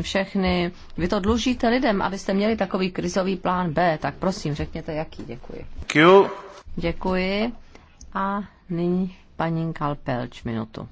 všechny. Vy to dlužíte lidem, abyste měli takový krizový plán B, tak prosím, řekněte jaký. Děkuji. Děkuji. Děkuji. A nyní paní Kalpelč minutu.